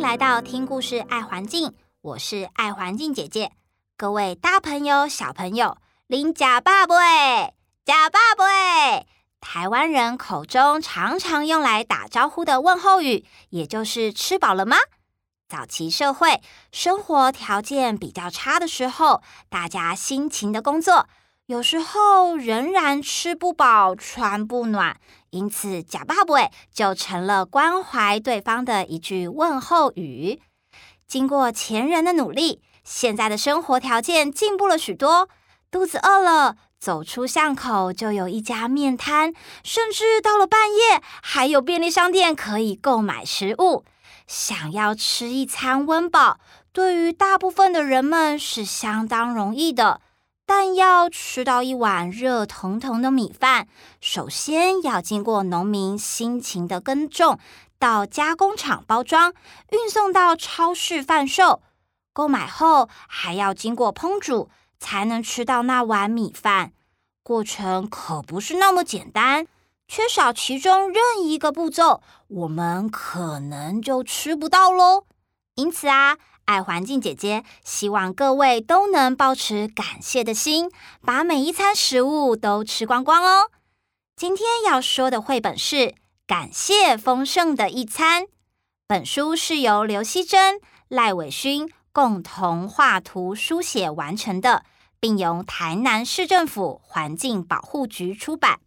來到聽故事愛環境，我是愛環境姐姐。各位大朋友、小朋友，恁呷飽未？呷飽未，台灣人口中常常用來打招呼的問候語，也就是吃飽了嗎？早期社會，生活條件比較差的時候，大家辛勤的工作。有時候仍然吃不飽、穿不暖，因此“呷飽未”就成了關懷對方的一句問候語。經過前人的努力，現在的生活條件進步了許多。肚子餓了，走出巷口就有一家麵攤，甚至到了半夜還有便利商店可以購買食物。想要吃一餐溫飽，對於大部分的人們是相當容易的。但要吃到一碗熱騰騰的米飯，首先要經過農民辛勤的耕種，到加工廠包裝，運送到超市販售，購買後還要經過烹煮，才能吃到那碗米飯。過程可不是那麼簡單，缺少其中任一個步驟，我們可能就吃不到嘍。因此啊，愛環境姐姐希望各位都能抱持感謝的心，把每一餐食物都吃光光哦。今天要說的繪本是《感謝豐盛的一餐》，本書是由劉希真、賴韋勳共同畫圖書寫完成的，並由台南市政府環境保護局出版。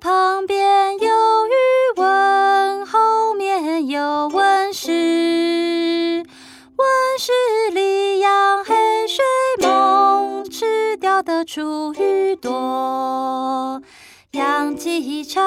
旁邊有魚塭，後面有溫室，溫室裡養黑水虻吃掉的廚餘多，養雞場。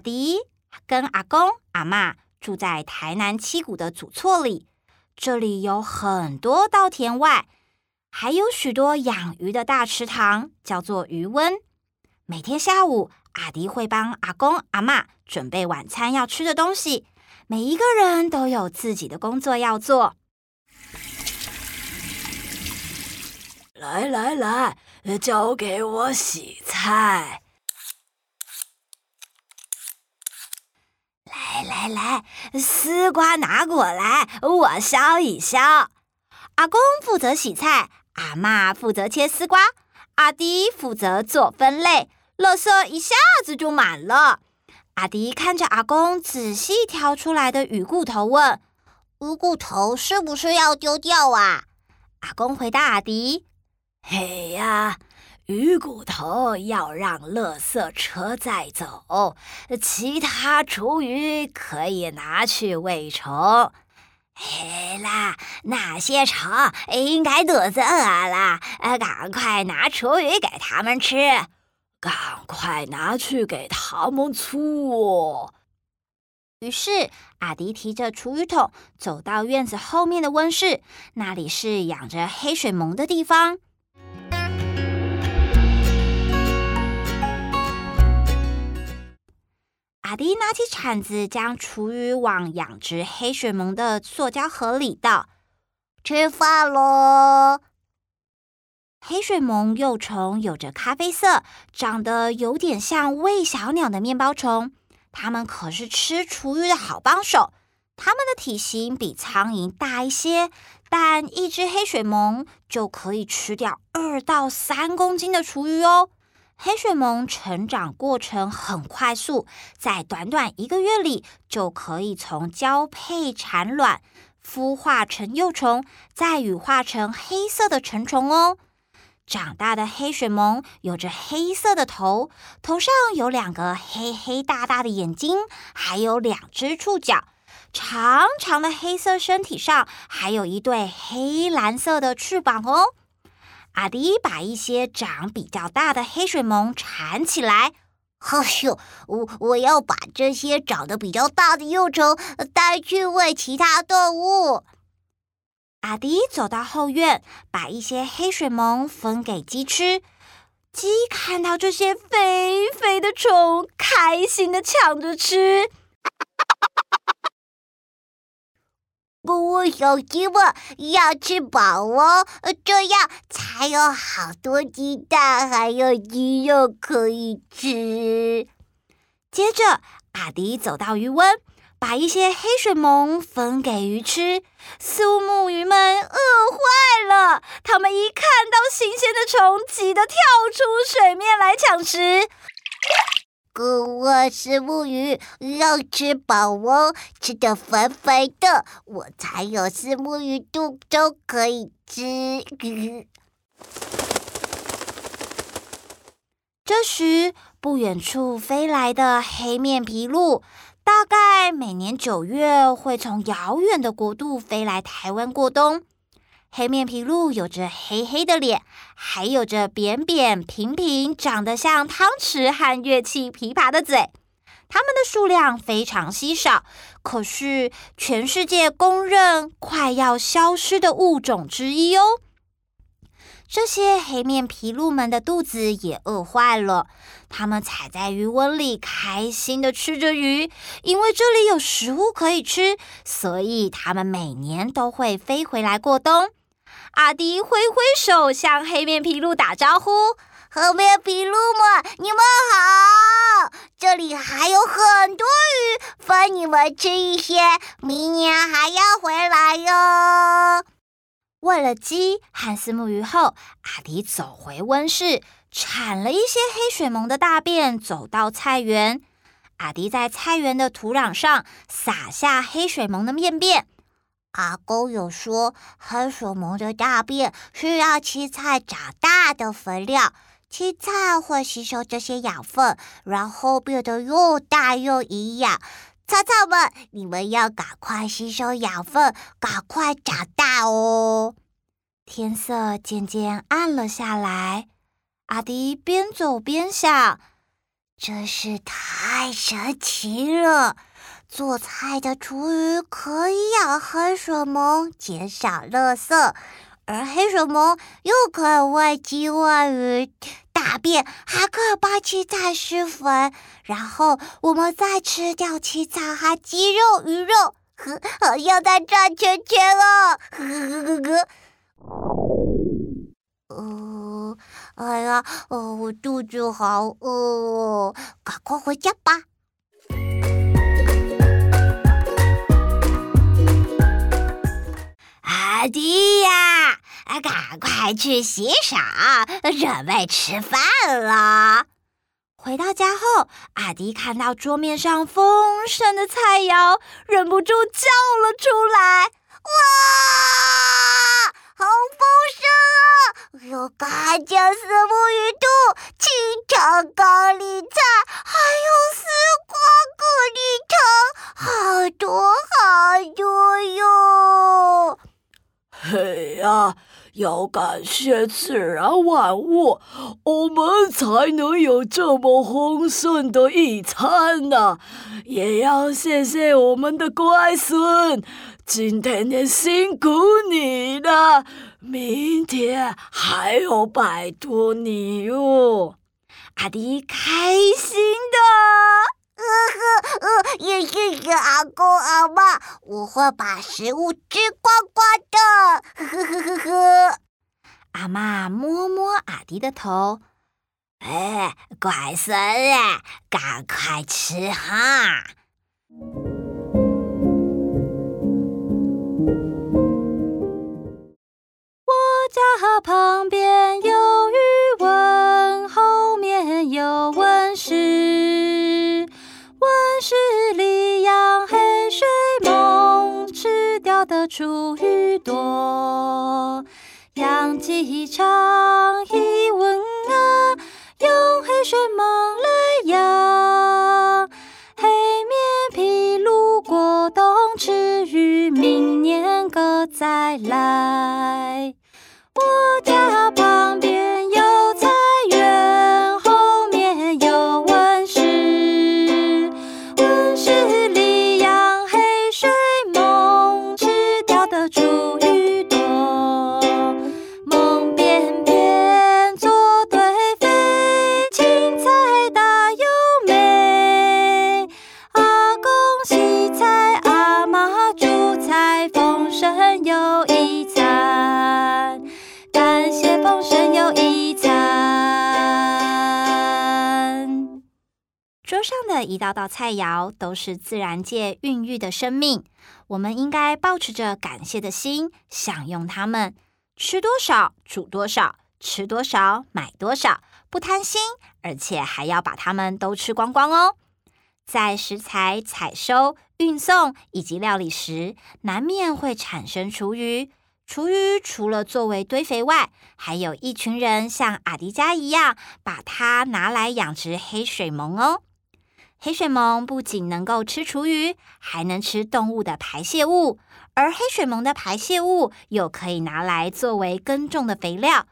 阿迪跟阿公、阿嬤住在台南七股的祖厝裡，這裡有很多稻田外，還有許多養魚的大池塘，叫做魚塭。每天下午，阿迪會幫阿公、阿嬤準備晚餐要吃的東西。每一個人都有自己的工作要做。來來來，交給我洗菜。來來來，絲瓜拿過來，我削一削。阿公負責洗菜，阿嬤負責切絲瓜，阿迪負責做分類，垃圾一下子就滿了。阿迪看着阿公仔細挑出來的魚骨頭問：“魚骨頭是不是要丟掉啊？”阿公回答阿迪：“嘿呀。”魚骨頭要讓垃圾車載走，其他廚餘可以拿去餵蟲。嘿啦，那些蟲應該肚子餓了，趕快拿廚餘給他們吃，趕快拿去給他們吃哦。於是，阿迪提着廚餘桶走到院子後面的溫室，那裡是養着黑水虻的地方。亞迪拿起鏟子，將廚餘往養殖黑水虻的塑膠盒裡倒。吃飯嘍！黑水虻幼蟲有着咖啡色，長得有點像餵小鳥的麵包蟲。它們可是吃廚餘的好幫手。它們的體型比蒼蠅大一些，但一隻黑水虻就可以吃掉二到三公斤的廚餘哦。黑水虻成長過程很快速，在短短一個月裡，就可以從交配、產卵、孵化成幼蟲，再羽化成黑色的成蟲哦。長大的黑水虻有着黑色的頭，頭上有兩個黑黑大大的眼睛，還有兩隻觸角，長長的黑色身體上還有一對黑藍色的翅膀哦。阿迪把一些長比較大的黑水虻纏起來，哎呦，我我要把這些長得比較大的幼蟲帶去餵其他動物。阿迪走到後院，把一些黑水虻分給雞吃。雞看到這些肥肥的蟲，開心的搶着吃。不過有雞們要吃飽哦，這樣才有好多雞蛋，還有雞肉可以吃。接着，阿迪走到魚塭，把一些黑水虻分給魚吃。虱目魚們餓壞了，他們一看到新鮮的蟲，急得跳出水面來搶食。嗯、我是虱目魚，要吃飽哦，吃的肥肥的，我才有虱目魚肚都可以吃。嗯、這時，不遠處飛來的黑面琵鷺，大概每年九月會從遙遠的國度飛來台灣過冬。黑面琵鷺有着黑黑的臉，還有着扁扁平平、長得像湯匙和樂器琵琶的嘴。它們的數量非常稀少，可是全世界公認快要消失的物種之一哦。這些黑面琵鷺們的肚子也餓壞了，它們踩在魚塭裡，開心的吃着魚。因為這裡有食物可以吃，所以它們每年都會飛回來過冬。阿迪揮揮手向黑面琵鷺打招呼：“黑面琵鷺們，你們好！這裡還有很多魚，分你們吃一些。明年還要回來喲。”餵了雞，和虱目魚後，阿迪走回溫室，鏟了一些黑水虻的大便，走到菜園。阿迪在菜園的土壤上撒下黑水虻的便便。阿公有說，黑水虻的大便是讓青菜長大的肥料，青菜會吸收這些養分，然後變得又大又營養。草草們，你們要趕快吸收養分，趕快長大哦！天色漸漸暗了下來，阿迪邊走邊想：真是太神奇了。做菜的廚餘可以養黑水虻，減少垃圾；而黑水虻又可以餵雞、餵魚、大便，還可以幫青菜施肥。然後我們再吃掉青菜、和雞肉、魚肉，呵好像在轉圈圈哦！呵呵呵呵,呵。哦、呃，哎呀、呃，我肚子好餓、呃，趕快回家吧。阿迪呀，趕快去洗手，準備吃飯了。回到家後，阿迪看到桌面上豐盛的菜餚，忍不住叫了出來：“哇，好豐盛啊！有乾煎虱目魚肚、清炒高麗菜，還有絲瓜、蛤蜊湯，好多好多喲！”嘿呀、啊，要感謝自然萬物，我們才能有這麼豐盛的一餐呢、啊。也要謝謝我們的乖孫，今天也辛苦你了，明天還要拜托你喲。阿迪開心的。呵呵， 也是，是阿公阿嬤，我會把食物吃光光的。呵呵呵呵。阿嬤摸摸阿弟的頭，哎，乖孫嘞，趕快吃哈。我家旁邊有魚塭，後面有。的廚餘多，養雞場一問啊，用黑水虻來養，黑面琵鷺過冬吃魚，明年個再來。的一道道菜餚都是自然界孕育的生命，我們應該抱持着感謝的心享用它們。吃多少煮多少，吃多少買多少，不貪心，而且還要把它們都吃光光哦。在食材採收、運送以及料理時，難免會產生廚餘。廚餘除了作為堆肥外，還有一群人像阿迪加一樣，把它拿來養殖黑水虻哦。黑水虻不僅能夠吃廚餘，還能吃動物的排洩物，而黑水虻的排洩物又可以拿來作為耕種的肥料。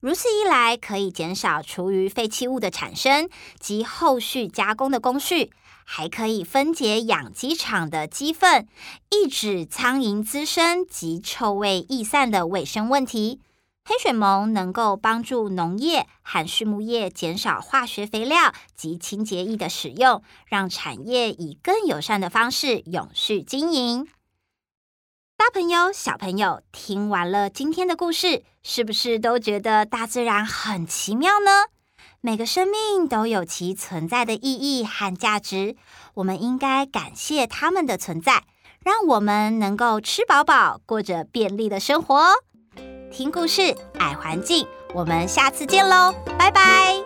如此一來，可以減少廚餘廢棄物的產生及後續加工的工序，還可以分解養雞場的雞糞，抑制蒼蠅滋生及臭味逸散的衛生問題。黑水虻能夠幫助農業和畜牧業減少化學肥料及清潔液的使用，讓產業以更友善的方式永續經營。大朋友、小朋友，聽完了今天的故事，是不是都覺得大自然很奇妙呢？每個生命都有其存在的意義和價值，我們應該感謝他們的存在，讓我們能夠吃飽飽，過着便利的生活。聽故事，愛環境，我們下次見嘍，拜拜。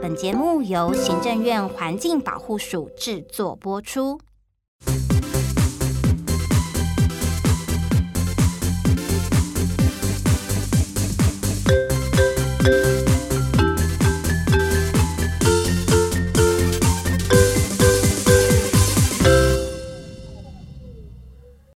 本節目由行政院環境保護署制作播出。